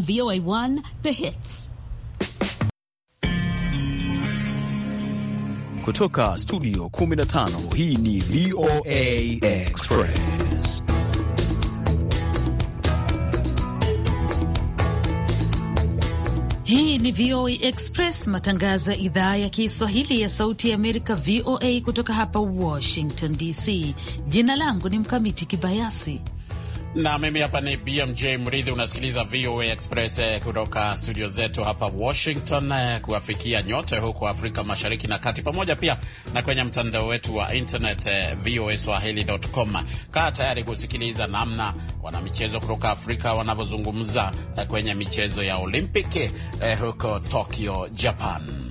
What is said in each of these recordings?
VOA1 The Hits. Kutoka studio 15 hii ni VOA Express. Hii ni VOA Express, matangazo ya idhaa ya Kiswahili ya Sauti ya Amerika, VOA, kutoka hapa Washington DC. Jina langu ni Mkamiti Kibayasi na mimi hapa ni BMJ Mridhi. Unasikiliza VOA Express eh, kutoka studio zetu hapa Washington, eh, kuwafikia nyote huko Afrika Mashariki na Kati, pamoja pia na kwenye mtandao wetu wa internet eh, VOA Swahili.com. Kaa tayari kusikiliza namna wanamichezo kutoka Afrika wanavyozungumza kwenye michezo ya Olimpiki huko Tokyo, Japan.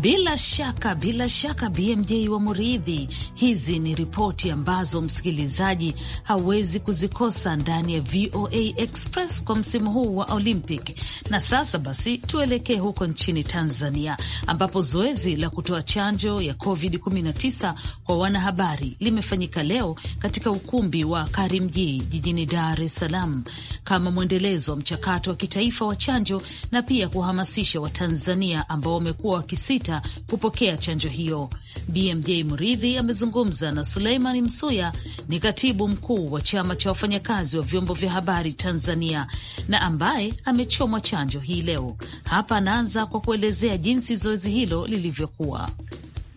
Bila shaka bila shaka, BMJ wa Muridhi, hizi ni ripoti ambazo msikilizaji hawezi kuzikosa ndani ya VOA Express kwa msimu huu wa Olympic. Na sasa basi, tuelekee huko nchini Tanzania ambapo zoezi la kutoa chanjo ya COVID-19 kwa wanahabari limefanyika leo katika ukumbi wa Karimjee jijini Dar es Salaam kama mwendelezo wa mchakato wa kitaifa wa chanjo na pia kuhamasisha Watanzania ambao wamekuwa wakisita sita kupokea chanjo hiyo. BMJ Mridhi amezungumza na Suleiman Msuya, ni katibu mkuu wa chama cha wafanyakazi wa vyombo vya habari Tanzania na ambaye amechomwa chanjo hii leo. Hapa anaanza kwa kuelezea jinsi zoezi hilo lilivyokuwa.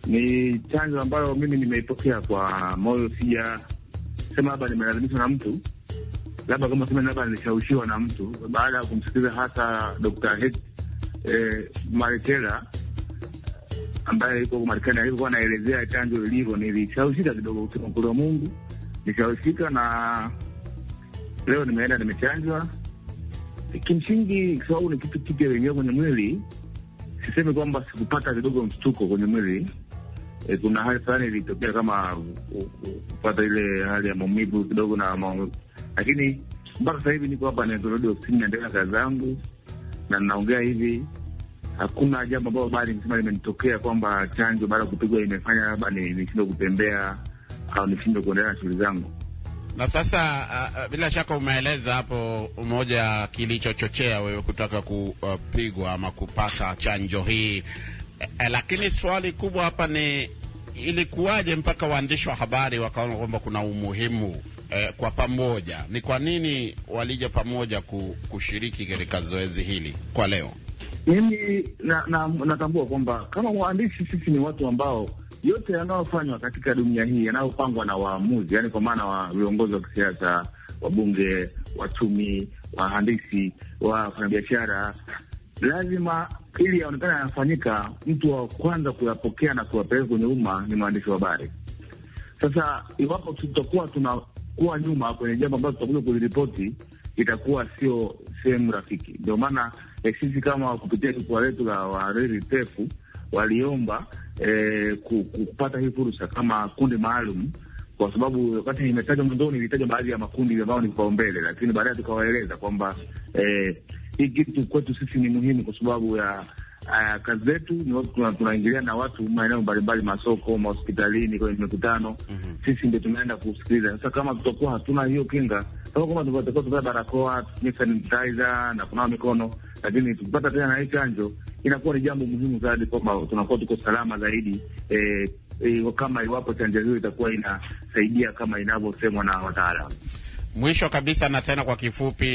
Ni chanjo ambayo mimi nimeipokea kwa moyo, sija sema labda nimelazimishwa na mtu labda kama sema labda nilishawishiwa na mtu, baada ya kumsikiliza hasa Dr. eh, Maretela ambaye yuko Marekani alivyokuwa anaelezea chanjo ilivyo, nilishawishika kidogo kusema kule wa Mungu, nilishawishika na leo nimeenda nimechanjwa. Kimsingi, kwa sababu ni kitu kipya wenyewe kwenye mwili, sisemi kwamba sikupata kidogo mshtuko kwenye mwili. E, kuna hali fulani ilitokea kama kupata ile hali ya maumivu kidogo na maumivu, lakini mpaka sasa hivi niko hapa, nimerudi ofisini, naendelea kazi zangu na ninaongea hivi hakuna jambo ambayo bado nimesema limenitokea kwamba chanjo baada ya kupigwa imefanya labda nishindwe kutembea au nishindwe kuendelea na shughuli zangu. Na sasa uh, bila shaka umeeleza hapo moja kilichochochea wewe kutaka kupigwa ama kupata chanjo hii e, e, lakini swali kubwa hapa ni ilikuwaje mpaka waandishi wa habari wakaona kwamba kuna umuhimu e, kwa pamoja? Ni kwa nini walija pamoja kushiriki katika zoezi hili kwa leo? Mimi na, na, natambua kwamba kama waandishi sisi ni watu ambao yote yanayofanywa katika dunia hii yanayopangwa na waamuzi, yaani kwa maana wa viongozi wa kisiasa, wabunge, wachumi, wahandisi, wafanyabiashara, lazima ili yaonekana yanafanyika, mtu wa kwanza kuyapokea na kuyapeleka kwenye umma ni mwandishi wa habari. Sasa iwapo tutakuwa tunakuwa nyuma kwenye jambo ambalo tutakuja kuliripoti, itakuwa sio sehemu rafiki, ndio maana e, sisi kama kupitia jukwaa letu la wahariri tefu waliomba e, kupata hii fursa kama kundi maalum kwa sababu wakati nimetaja mwanzoni nilitaja baadhi ya makundi ambayo ni kipaumbele, lakini baadaye tukawaeleza kwamba e, hii kitu kwetu sisi ni muhimu kwa sababu ya uh, kazi zetu ni tunaingiliana na watu maeneo mbalimbali, masoko, mahospitalini, kwenye mikutano mm -hmm. Sisi ndio tunaenda kusikiliza. Sasa kama tutakuwa hatuna hiyo kinga, kama kama tutakuwa tuvaa barakoa, sanitizer na kunawa mikono lakini tukipata tena na hii chanjo inakuwa ni jambo muhimu zaidi, kwamba tunakuwa tuko salama zaidi eh, eh, kama iwapo chanjo hiyo itakuwa inasaidia kama inavyosemwa na wataalamu. Mwisho kabisa na tena kwa kifupi,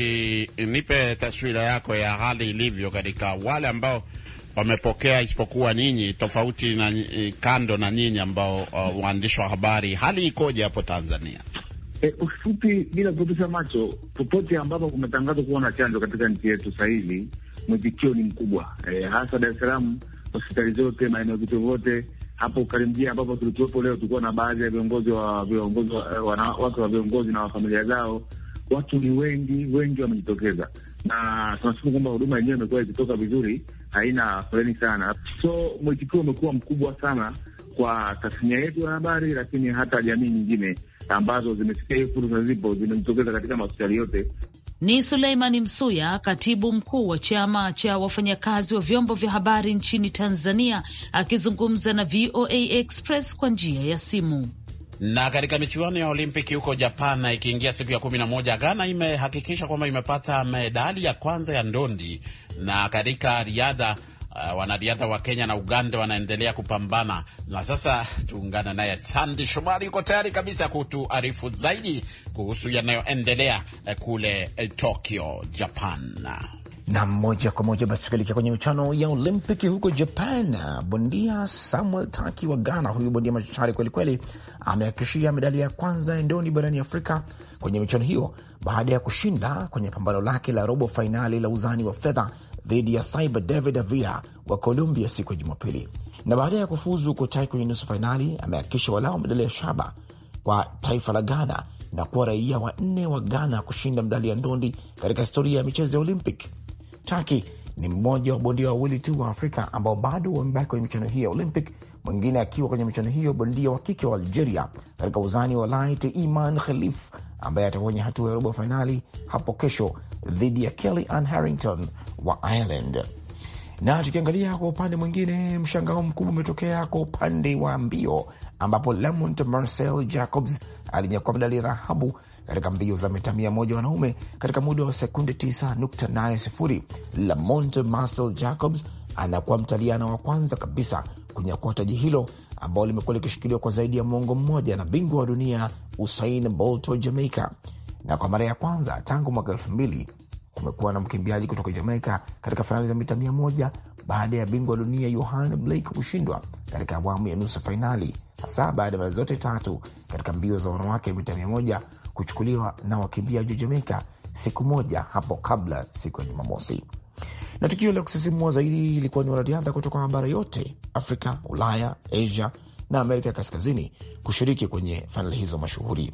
nipe taswira yako ya hali ilivyo katika wale ambao wamepokea isipokuwa nyinyi, tofauti na eh, kando na nyinyi ambao uh, waandishi wa habari, hali ikoje hapo Tanzania? E, ufupi bila kupoteza macho, popote ambapo kumetangazwa kuwa na chanjo katika nchi yetu sasa hivi mwitikio ni mkubwa e, hasa Dar es Salaam, hospitali zote, maeneo vitu vyote. Hapo Karimjee ambapo tulikuwepo leo, tulikuwa na baadhi ya viongozi wa viongozi wake eh, wa viongozi na wafamilia zao. Watu ni wengi wengi, wamejitokeza na tunashukuru kwamba huduma yenyewe imekuwa ikitoka vizuri, haina foleni sana, so mwitikio umekuwa mkubwa sana kwa tasnia yetu ya habari, lakini hata jamii nyingine ambazo zimefikia hii fursa zipo zimejitokeza katika mahospitali yote. Ni Suleimani Msuya, katibu mkuu wa chama cha wafanyakazi wa vyombo vya habari nchini Tanzania, akizungumza na VOA Express kwa njia ya simu. Na katika michuano ya Olimpiki huko Japan ikiingia siku ya 11 Ghana imehakikisha kwamba imepata medali ya kwanza ya ndondi, na katika riadha Uh, wanariadha wa Kenya na Uganda wanaendelea kupambana, na sasa tuungane naye Sandi Shomari, yuko tayari kabisa kutuarifu zaidi kuhusu yanayoendelea eh, kule eh, Tokyo, Japan na moja kwa moja basi tukaelekea kwenye michano ya Olimpiki huko Japan. Bondia Samuel Taki wa Ghana, huyu bondia machachari kwelikweli, amehakikishia medali ya kwanza ndoni barani Afrika kwenye michano hiyo baada ya kushinda kwenye pambano lake la robo fainali la uzani wa fedha dhidi ya Cyber David Avila wa Colombia siku ya Jumapili, na baada ya kufuzu kutai kwenye nusu fainali amehakikisha walao medali ya shaba kwa taifa la Ghana na kuwa raia wanne wa Ghana kushinda medali ya ndondi katika historia ya michezo ya Olympic. Taki ni mmoja wa bondia wawili tu wa Afrika ambao bado wamebaki kwenye michuano hii ya Olympic, mwingine akiwa kwenye michuano hiyo bondia wa kike wa Algeria katika uzani wa light Iman Khalif ambaye atakuwa kwenye hatua ya robo fainali hapo kesho dhidi ya Kelly Ann Harrington wa Ireland. Na tukiangalia kwa upande mwingine, mshangao mkubwa umetokea kwa upande wa mbio ambapo Lamont Marcel Jacobs alinyakua medali ya dhahabu katika mbio za mita mia moja wanaume katika muda wa sekunde 9.80. Lamont Marcel Jacobs anakuwa mtaliana wa kwanza kabisa kunyakua taji hilo ambao limekuwa likishikiliwa kwa zaidi ya mwongo mmoja na bingwa wa dunia Usain Bolt wa Jamaica. Na kwa mara ya kwanza tangu mwaka elfu mbili kumekuwa na mkimbiaji kutoka Jamaica katika fainali za mita mia moja baada ya bingwa wa dunia Yohan Blake kushindwa katika awamu ya nusu fainali, hasa baada ya mara zote tatu katika mbio za wanawake mita mia moja kuchukuliwa na wakimbiaji wa Jamaika siku moja hapo kabla, siku ya Jumamosi. Na tukio la kusisimua zaidi ilikuwa ni wanariadha kutoka mabara yote Afrika, Ulaya, Asia na Amerika ya Kaskazini kushiriki kwenye fainali hizo mashuhuri.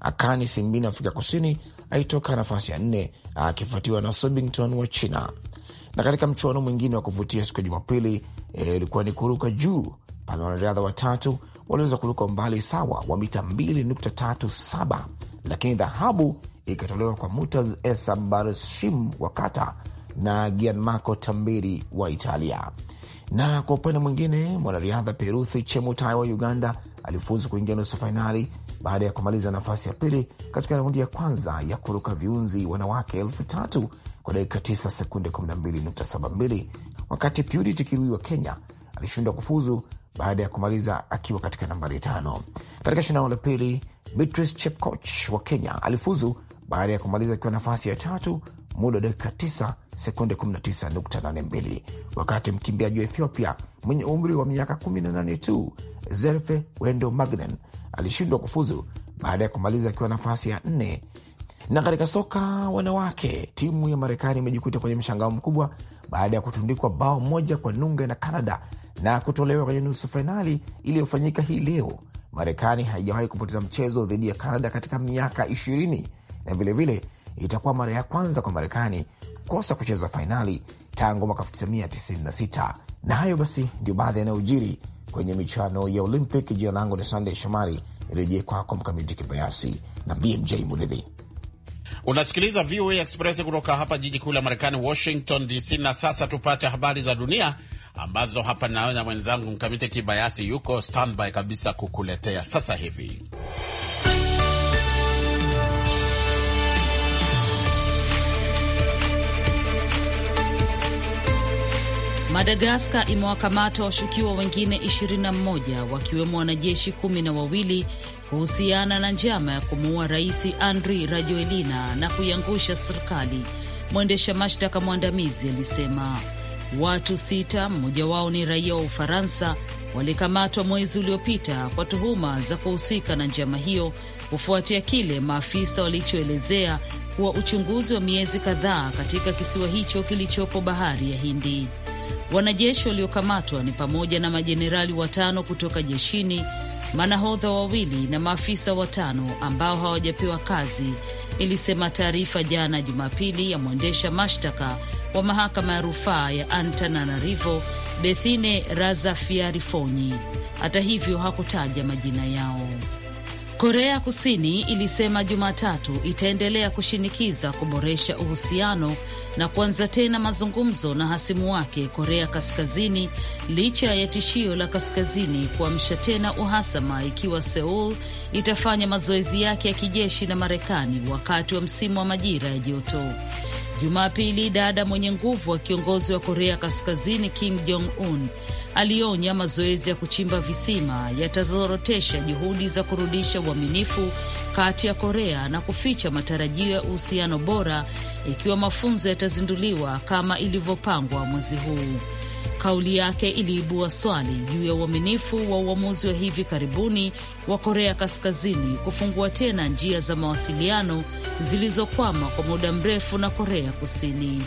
Akani Simbine Afrika Kusini alitoka nafasi ya nne akifuatiwa na Sobington wa China. Na katika mchuano mwingine wa kuvutia siku ya Jumapili eh, ilikuwa e, ni kuruka juu pale wanariadha watatu waliweza kuruka umbali sawa wa mita 2.37 lakini dhahabu ikatolewa kwa Mutaz Esa Barshim wa Kata na Gianmarco Tambiri wa Italia. Na kwa upande mwingine, mwanariadha Peruthi Chemutai wa Uganda alifuzu kuingia nusu fainali baada ya kumaliza nafasi ya pili katika raundi ya kwanza ya kuruka viunzi wanawake elfu tatu kwa dakika 9 sekunde 12.72, wakati Purity Kirui wa Kenya alishindwa kufuzu baada ya kumaliza akiwa katika nambari tano. Katika shindano la pili, Beatrice Chepkoch wa Kenya alifuzu baada ya kumaliza akiwa nafasi ya tatu, muda wa dakika 9 sekunde 19.82, wakati mkimbiaji wa Ethiopia mwenye umri wa miaka 18 tu Zerfe Wendo Magnen alishindwa kufuzu baada ya kumaliza akiwa nafasi ya nne. Na katika soka wanawake, timu ya Marekani imejikuta kwenye mshangao mkubwa baada ya kutundikwa bao moja kwa nunge na canada na kutolewa kwenye nusu fainali iliyofanyika hii leo. Marekani haijawahi kupoteza mchezo dhidi ya Kanada katika miaka ishirini na vilevile itakuwa mara ya kwanza kwa Marekani kukosa kucheza fainali tangu mwaka 1996. Na hayo basi ndio baadhi yanayojiri kwenye michuano ya Olympic. Jina langu ni Sandey Shomari, nirejee kwako Mkamiti Kibayasi na BMJ Muridhi. Unasikiliza VOA Express kutoka hapa jiji kuu la Marekani, Washington DC. Na sasa tupate habari za dunia ambazo hapa naona mwenzangu Mkamite Kibayasi yuko standby kabisa kukuletea sasa hivi. Madagaskar imewakamata washukiwa wengine 21 wakiwemo wanajeshi kumi na wawili kuhusiana na njama ya kumuua rais Andry Rajoelina na kuiangusha serikali, mwendesha mashtaka mwandamizi alisema. Watu sita, mmoja wao ni raia wa Ufaransa, walikamatwa mwezi uliopita kwa tuhuma za kuhusika na njama hiyo kufuatia kile maafisa walichoelezea kuwa uchunguzi wa miezi kadhaa katika kisiwa hicho kilichopo bahari ya Hindi. Wanajeshi waliokamatwa ni pamoja na majenerali watano kutoka jeshini, manahodha wawili na maafisa watano ambao hawajapewa kazi, ilisema taarifa jana Jumapili ya mwendesha mashtaka wa mahakama ya rufaa ya Antananarivo, Bethine Razafiarifonyi. Hata hivyo hakutaja majina yao. Korea Kusini ilisema Jumatatu itaendelea kushinikiza kuboresha uhusiano na kuanza tena mazungumzo na hasimu wake Korea Kaskazini licha ya tishio la Kaskazini kuamsha tena uhasama ikiwa seul itafanya mazoezi yake ya kijeshi na Marekani wakati wa msimu wa majira ya joto. Jumapili, dada mwenye nguvu wa kiongozi wa Korea Kaskazini Kim Jong Un alionya mazoezi ya kuchimba visima yatazorotesha juhudi za kurudisha uaminifu kati ya Korea na kuficha matarajio ya uhusiano bora ikiwa mafunzo yatazinduliwa kama ilivyopangwa mwezi huu. Kauli yake iliibua swali juu ya uaminifu wa uamuzi wa hivi karibuni wa Korea Kaskazini kufungua tena njia za mawasiliano zilizokwama kwa muda mrefu na Korea Kusini.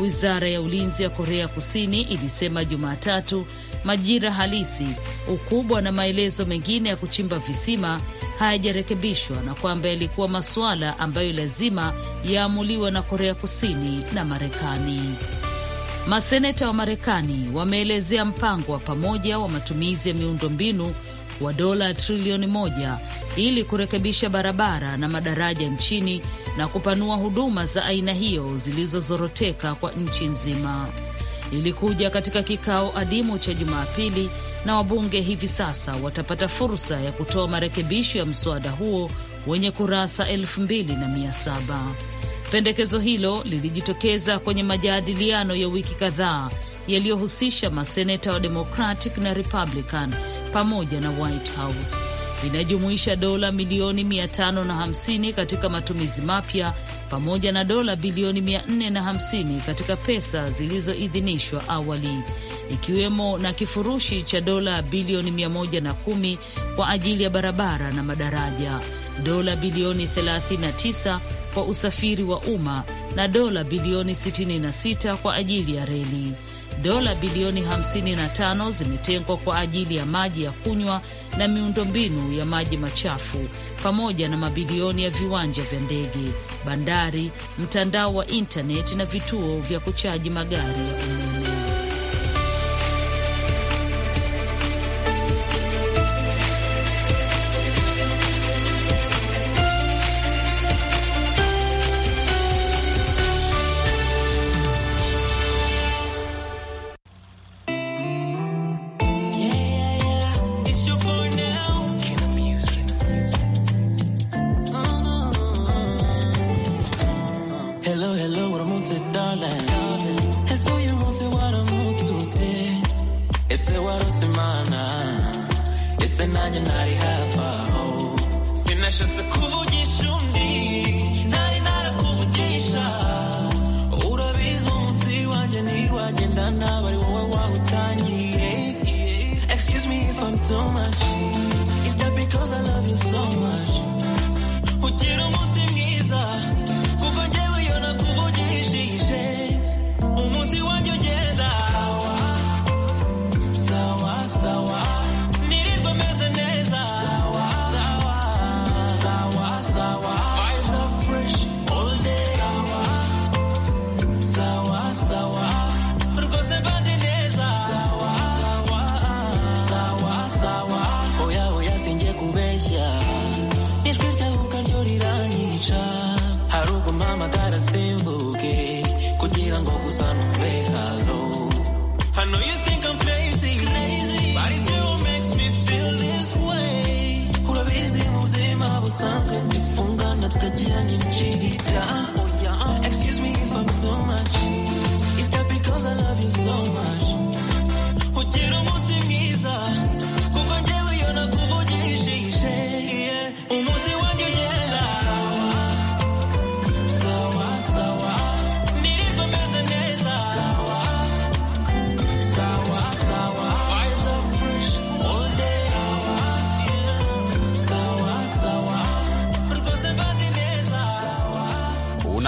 Wizara ya ulinzi ya Korea Kusini ilisema Jumatatu, majira halisi, ukubwa na maelezo mengine ya kuchimba visima hayajarekebishwa na kwamba yalikuwa masuala ambayo lazima yaamuliwa na Korea Kusini na Marekani. Maseneta wa Marekani wameelezea mpango wa pamoja wa matumizi ya miundombinu wa dola trilioni moja ili kurekebisha barabara na madaraja nchini na kupanua huduma za aina hiyo zilizozoroteka kwa nchi nzima. Ilikuja katika kikao adimu cha Jumapili na wabunge hivi sasa watapata fursa ya kutoa marekebisho ya mswada huo wenye kurasa elfu mbili na mia saba. Pendekezo hilo lilijitokeza kwenye majadiliano ya wiki kadhaa yaliyohusisha maseneta wa Democratic na Republican pamoja na White House inajumuisha dola milioni 550 katika matumizi mapya pamoja na dola bilioni 450 katika pesa zilizoidhinishwa awali, ikiwemo na kifurushi cha dola bilioni 110 kwa ajili ya barabara na madaraja, dola bilioni 39 kwa usafiri wa umma na dola bilioni 66 kwa ajili ya reli. Dola bilioni 55 zimetengwa kwa ajili ya maji ya kunywa na miundombinu ya maji machafu pamoja na mabilioni ya viwanja vya ndege, bandari, mtandao wa intaneti na vituo vya kuchaji magari ya umeme.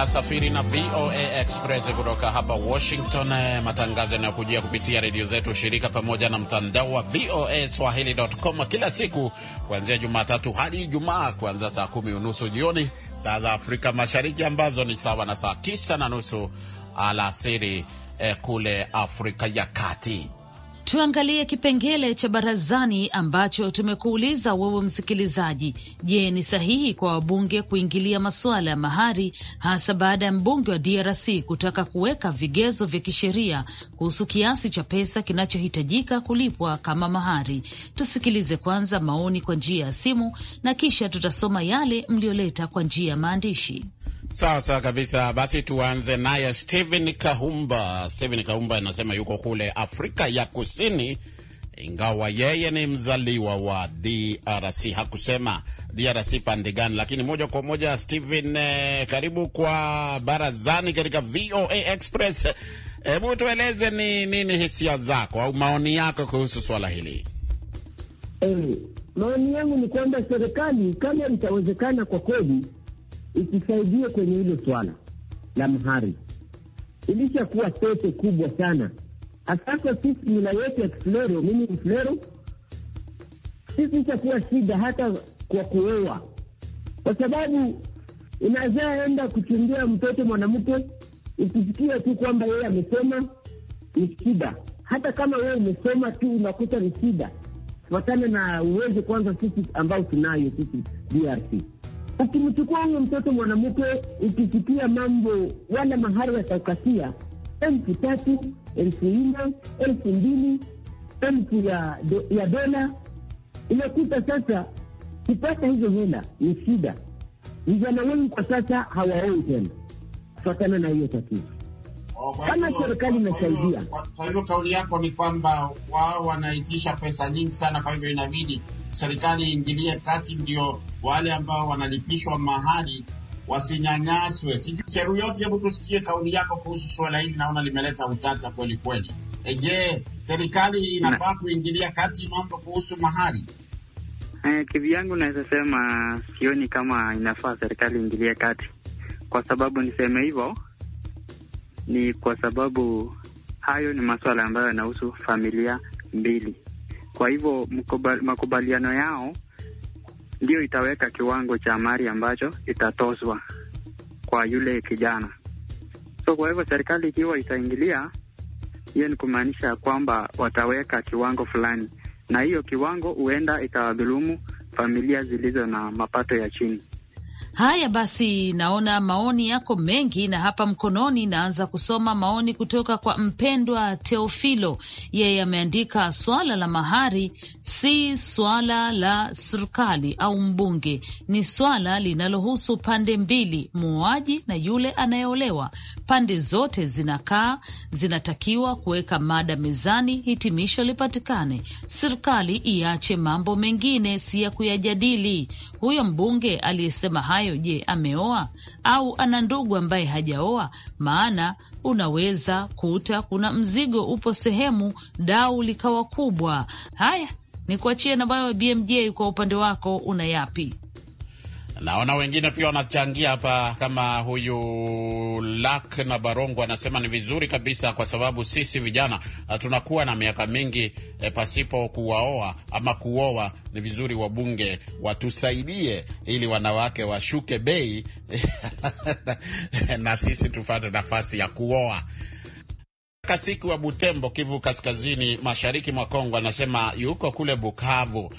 Unasafiri na VOA Express kutoka hapa Washington, eh, matangazo yanayokujia kupitia redio zetu shirika pamoja na mtandao wa VOA Swahili.com kila siku kuanzia Jumatatu hadi Ijumaa, kuanzia saa kumi unusu jioni saa za Afrika Mashariki, ambazo ni sawa na saa tisa na nusu alasiri eh, kule Afrika ya Kati. Tuangalie kipengele cha barazani ambacho tumekuuliza wewe msikilizaji. Je, ni sahihi kwa wabunge kuingilia masuala ya mahari, hasa baada ya mbunge wa DRC kutaka kuweka vigezo vya kisheria kuhusu kiasi cha pesa kinachohitajika kulipwa kama mahari? Tusikilize kwanza maoni kwa njia ya simu na kisha tutasoma yale mliyoleta kwa njia ya maandishi. Sawa sawa kabisa. Basi tuanze naye Stephen Kahumba. Stephen Kahumba anasema yuko kule Afrika ya Kusini, ingawa yeye ni mzaliwa wa DRC. Hakusema DRC pande gani, lakini moja kwa moja. Stephen, eh, karibu kwa barazani katika VOA Express. Hebu tueleze ni nini hisia zako au maoni yako kuhusu swala hili? Hey, eh, maoni yangu ni kwamba serikali kama itawezekana, kwa kweli ikisaidia kwenye hilo swala la mahari. Ilishakuwa pete kubwa sana. Asasa sisi mila yetu ya kiflero mimi Mflero, sisi ishakuwa shida hata kwa kuoa, kwa sababu inazaa enda kuchumbia mtoto mwanamke, ukisikia tu kwamba yeye amesoma ni shida. Hata kama wewe umesoma tu unakuta ni shida, kufatana na uwezo kwanza sisi ambao tunayo sisi DRC Ukimchukua huyo mtoto mwanamke, ukisikia mambo wala mahari ya kaukasia, elfu tatu elfu nne elfu mbili elfu ya, do, ya dola inakuta sasa kupata hizo hela ni shida. Vijana wengi kwa sasa hawaoi tena kufatana na hiyo tatizo kama serikali imesaidia. Kwa hivyo kauli yako ni kwamba wao wanaitisha pesa nyingi sana, kwa hivyo inabidi serikali iingilie kati, ndio wale ambao wanalipishwa mahali wasinyanyaswe. Sijui Cheruiyoti, hebu tusikie kauli yako kuhusu suala hili, naona limeleta utata kweli kweli. Eh, je, serikali inafaa kuingilia kati mambo kuhusu mahali? Eh, kivyangu naweza sema sioni kama inafaa serikali iingilie kati, kwa sababu niseme hivyo ni kwa sababu hayo ni masuala ambayo yanahusu familia mbili. Kwa hivyo makubaliano yao ndio itaweka kiwango cha mali ambacho itatozwa kwa yule kijana. So kwa hivyo serikali ikiwa itaingilia, hiyo ni kumaanisha ya kwamba wataweka kiwango fulani, na hiyo kiwango huenda ikawadhulumu familia zilizo na mapato ya chini. Haya basi, naona maoni yako mengi na hapa mkononi. Naanza kusoma maoni kutoka kwa mpendwa Teofilo, yeye ameandika, swala la mahari si swala la serikali au mbunge, ni swala linalohusu pande mbili, muuaji na yule anayeolewa. Pande zote zinakaa zinatakiwa kuweka mada mezani, hitimisho lipatikane. Serikali iache mambo mengine si ya kuyajadili. Huyo mbunge aliyesema haya hayo, je, ameoa au ana ndugu ambaye hajaoa? Maana unaweza kuta kuna mzigo upo sehemu, dau likawa kubwa. Haya, ni kuachie nabayo BMJ, kwa upande wako una yapi? Naona wengine pia wanachangia hapa, kama huyu Lak na Barongo anasema ni vizuri kabisa, kwa sababu sisi vijana eh, tunakuwa na miaka mingi e, pasipo kuwaoa ama kuoa. Ni vizuri wabunge watusaidie ili wanawake washuke bei eh, na sisi tupate nafasi ya kuoa. Kasiki wa Butembo, Kivu Kaskazini, mashariki mwa Kongo, anasema yuko kule Bukavu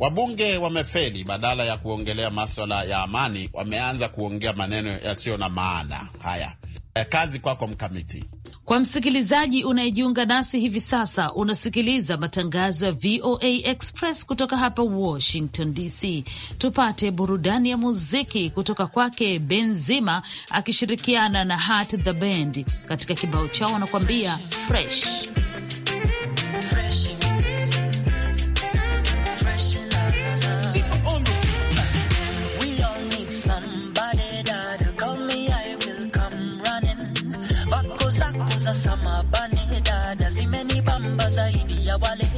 Wabunge wamefeli, badala ya kuongelea maswala ya amani wameanza kuongea maneno yasiyo na maana. Haya, e, kazi kwako Mkamiti. Kwa msikilizaji unayejiunga nasi hivi sasa, unasikiliza matangazo ya VOA Express kutoka hapa Washington DC. Tupate burudani ya muziki kutoka kwake Benzima akishirikiana na Hart the Band katika kibao chao wanakuambia fresh ya vale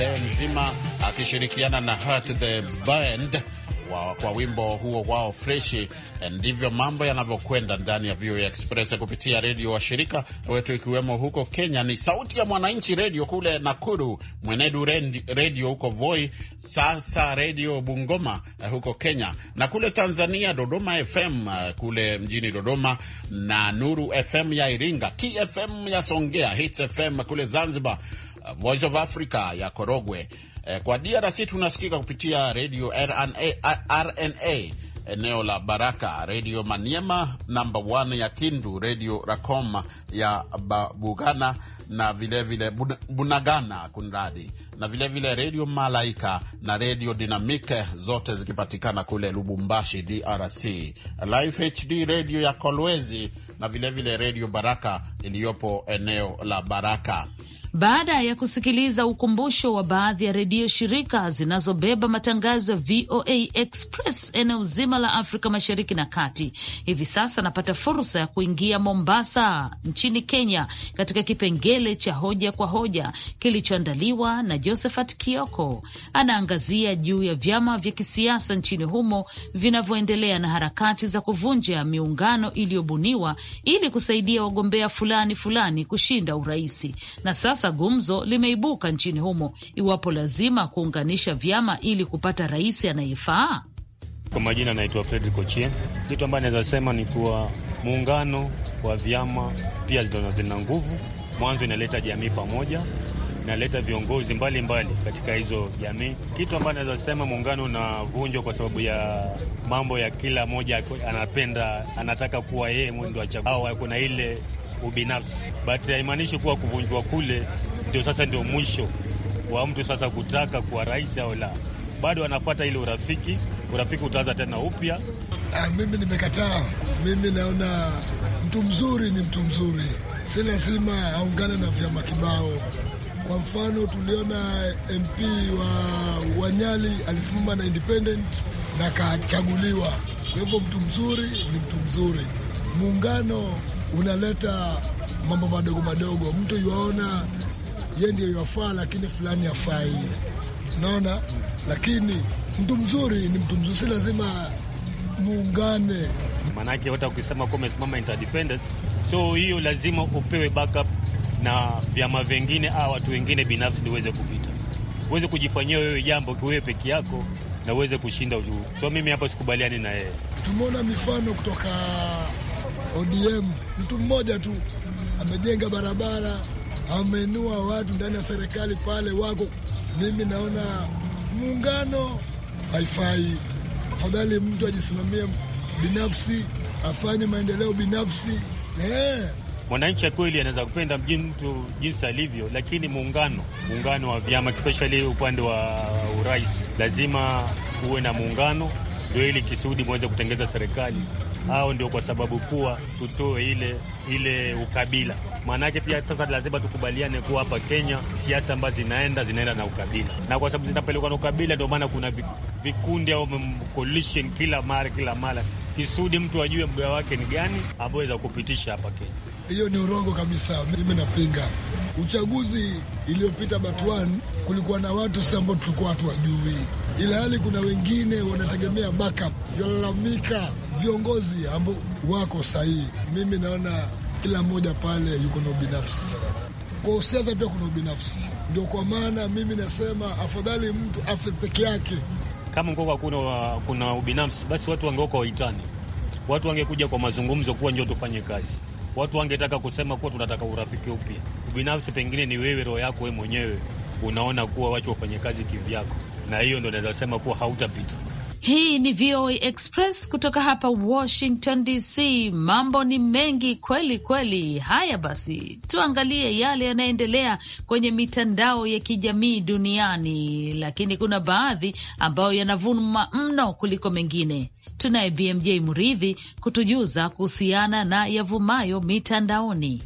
the mzima akishirikiana na Hurt the Band wa, kwa wimbo huo wao fresh. Ndivyo mambo yanavyokwenda ndani ya VOA Express kupitia redio shirika wetu ikiwemo huko Kenya ni Sauti ya Mwananchi redio kule Nakuru, Mwenedu redio huko Voi, sasa redio Bungoma eh, huko Kenya, na kule Tanzania Dodoma FM eh, kule mjini Dodoma na Nuru FM ya Iringa, KFM ya Songea, Hits FM kule Zanzibar Uh, Voice of Africa ya Korogwe. Uh, kwa DRC tunasikika kupitia redio RNA, uh, RNA eneo la Baraka, redio Maniema namba 1 ya Kindu, redio Rakoma ya Babugana na vilevile vile Bunagana kunradi, na vilevile redio Malaika na redio Dinamike, zote zikipatikana kule Lubumbashi, DRC, Life HD redio ya Kolwezi na vilevile redio Baraka iliyopo eneo la Baraka baada ya kusikiliza ukumbusho wa baadhi ya redio shirika zinazobeba matangazo ya VOA Express eneo zima la Afrika Mashariki na Kati. Hivi sasa napata fursa ya kuingia Mombasa nchini Kenya, katika kipengele cha hoja kwa hoja kilichoandaliwa na Josephat Kioko. Anaangazia juu ya vyama vya kisiasa nchini humo vinavyoendelea na harakati za kuvunja miungano iliyobuniwa ili kusaidia wagombea fulani fulani kushinda uraisi na sasa sasa gumzo limeibuka nchini humo iwapo lazima kuunganisha vyama ili kupata rais anayefaa. Kwa majina anaitwa Fredrick Ochie. Kitu ambayo anaweza sema ni kuwa muungano wa vyama pia zina nguvu, mwanzo inaleta jamii pamoja inaleta viongozi mbalimbali mbali katika hizo jamii, kitu ambayo naweza sema muungano unavunjwa kwa sababu ya mambo ya kila moja anapenda, anataka kuwa yeye mwendo wa au Kuna ile ubinafsi, but haimaanishi kuwa kuvunjwa kule ndio sasa ndio mwisho wa mtu sasa kutaka kuwa rais au la, bado anafata ile urafiki. Urafiki utaanza tena upya. Ah, mimi nimekataa. Mimi naona mtu mzuri ni mtu mzuri, si lazima aungane na vyama kibao. Kwa mfano tuliona MP wa Wanyali alisimama na independent na akachaguliwa. Kwa hivyo mtu mzuri ni mtu mzuri. Muungano unaleta mambo madogo madogo, mtu yuwaona ye ndio yafaa lakini fulani afai, naona. Lakini mtu mzuri ni mtu mzuri, si lazima muungane, maanake hata ukisema kuwa umesimama interdependence, so hiyo lazima upewe backup na vyama vingine au watu wengine binafsi ndio uweze kupita, uweze kujifanyia wewe jambo wewe peke yako na uweze kushinda juu. So mimi hapa sikubaliani na yeye. Tumeona mifano kutoka ODM, mtu mmoja tu amejenga barabara, amenua watu ndani ya serikali pale wako. Mimi naona muungano haifai, afadhali mtu ajisimamie binafsi, afanye maendeleo binafsi eh. Mwananchi ya kweli anaweza kupenda mtu jinsi alivyo, lakini muungano muungano wa vyama especially upande wa urais lazima uwe na muungano, ndio ili kisudi mweze kutengeza serikali. Hao ndio kwa sababu kuwa tutoe ile ile ukabila. Maanake pia sasa lazima tukubaliane kuwa hapa Kenya siasa ambazo zinaenda zinaenda na ukabila, na kwa sababu zinapelekwa na ukabila, ndio maana kuna vikundi au coalition kila mara kila mara, kisudi mtu ajue mgao wake ni gani, ambao aweza kupitisha hapa Kenya hiyo ni urongo kabisa. Mimi napinga uchaguzi iliyopita Batwan, kulikuwa na watu si ambao tulikuwa watu wajui, ila hali kuna wengine wanategemea backup, vyalalamika viongozi ambao wako sahihi. Mimi naona kila mmoja pale yuko na ubinafsi kwa usiasa pia kuna ubinafsi. Ndio kwa maana mimi nasema afadhali mtu afe peke yake. Kama ngoko kuna, kuna ubinafsi, basi watu wangeoka waitani, watu wangekuja kwa mazungumzo, kuwa njo tufanye kazi watu wangetaka kusema kuwa tunataka urafiki upya. binafsi pengine ni wewe, roho yako wewe mwenyewe unaona kuwa wacha wafanye kazi kivyako, na hiyo ndo naweza sema kuwa hautapita. Hii ni VOA Express kutoka hapa Washington DC. Mambo ni mengi kweli kweli. Haya basi, tuangalie yale yanayoendelea kwenye mitandao ya kijamii duniani, lakini kuna baadhi ambayo yanavuma mno kuliko mengine. Tunaye BMJ Muridhi kutujuza kuhusiana na yavumayo mitandaoni.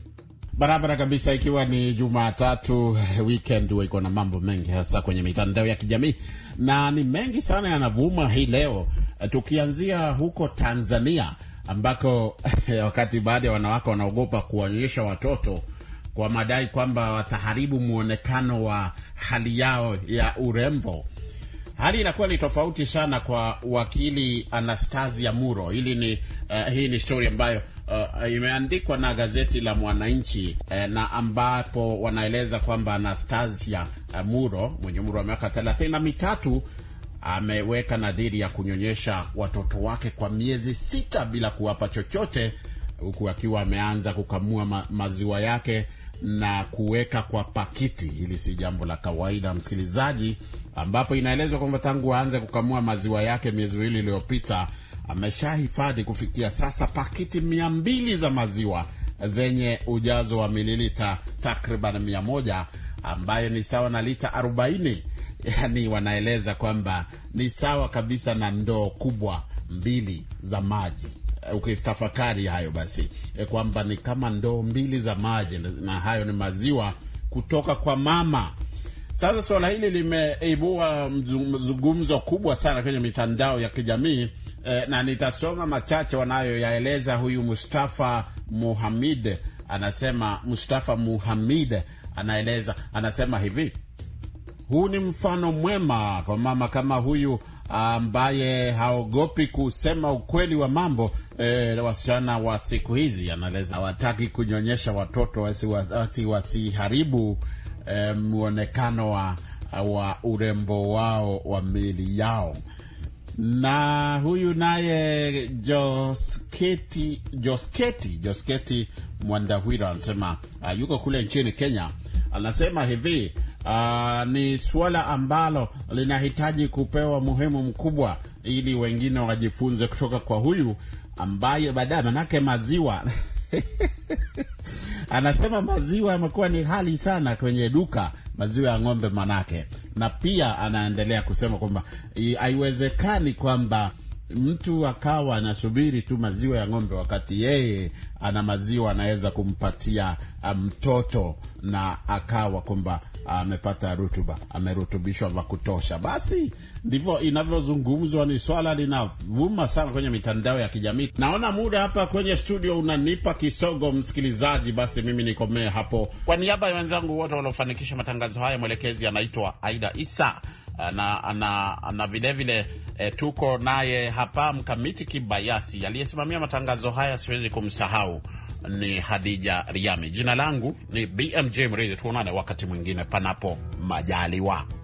Barabara kabisa, ikiwa ni Jumatatu, weekend huwa iko na mambo mengi, hasa kwenye mitandao ya kijamii, na ni mengi sana yanavuma hii leo, tukianzia huko Tanzania ambako wakati baadhi ya wanawake wanaogopa kuwaonyesha watoto kwa madai kwamba wataharibu mwonekano wa hali yao ya urembo. Hali inakuwa ni tofauti sana kwa wakili Anastasia Muro. Hili ni, uh, hii ni stori ambayo Uh, uh, imeandikwa na gazeti la Mwananchi eh, na ambapo wanaeleza kwamba Anastasia eh, Muro mwenye umri wa miaka thelathini na mitatu ameweka nadhiri ya kunyonyesha watoto wake kwa miezi sita bila kuwapa chochote huku akiwa ameanza kukamua ma maziwa yake na kuweka kwa pakiti. Hili si jambo la kawaida, msikilizaji, ambapo inaelezwa kwamba tangu aanze kukamua maziwa yake miezi miwili iliyopita ameshahifadhi kufikia sasa pakiti mia mbili za maziwa zenye ujazo wa mililita takriban mia moja ambayo ni sawa na lita 40. Yani wanaeleza kwamba ni sawa kabisa na ndoo kubwa mbili za maji. Eh, ukitafakari hayo basi, eh, kwamba ni kama ndoo mbili za maji, na hayo ni maziwa kutoka kwa mama. Sasa suala hili limeibua mzungumzo kubwa sana kwenye mitandao ya kijamii Eh, na nitasoma machache wanayoyaeleza. Huyu Mustafa Muhamid anasema, Mustafa Muhamid anaeleza, anasema hivi huu ni mfano mwema kwa mama kama huyu ambaye haogopi kusema ukweli wa mambo. E, wasichana wa siku hizi anaeleza hawataki kunyonyesha watoto wasiwati wasiharibu e, mwonekano wa, wa urembo wao wa mili yao na huyu naye Josketi, Josketi, Josketi Mwandahwira anasema uh, yuko kule nchini Kenya. Anasema hivi uh, ni suala ambalo linahitaji kupewa muhimu mkubwa, ili wengine wajifunze kutoka kwa huyu ambaye baadaye, manake maziwa anasema maziwa yamekuwa ni hali sana kwenye duka maziwa ya ng'ombe manake. Na pia anaendelea kusema kwamba haiwezekani kwamba mtu akawa anasubiri tu maziwa ya ng'ombe wakati yeye ana maziwa anaweza kumpatia mtoto na akawa kwamba amepata rutuba, amerutubishwa vya kutosha. Basi ndivyo inavyozungumzwa. Ni swala linavuma sana kwenye mitandao ya kijamii. Naona muda hapa kwenye studio unanipa kisogo, msikilizaji. Basi mimi nikomee hapo, kwa niaba ya wenzangu wote waliofanikisha matangazo haya. Mwelekezi anaitwa Aida Isa eh, na, ana, na vilevile e, eh, tuko naye hapa Mkamiti Kibayasi aliyesimamia matangazo haya, siwezi kumsahau ni Hadija Riami. Jina langu ni BMJ Mridhi. Tuonane wakati mwingine, panapo majaliwa.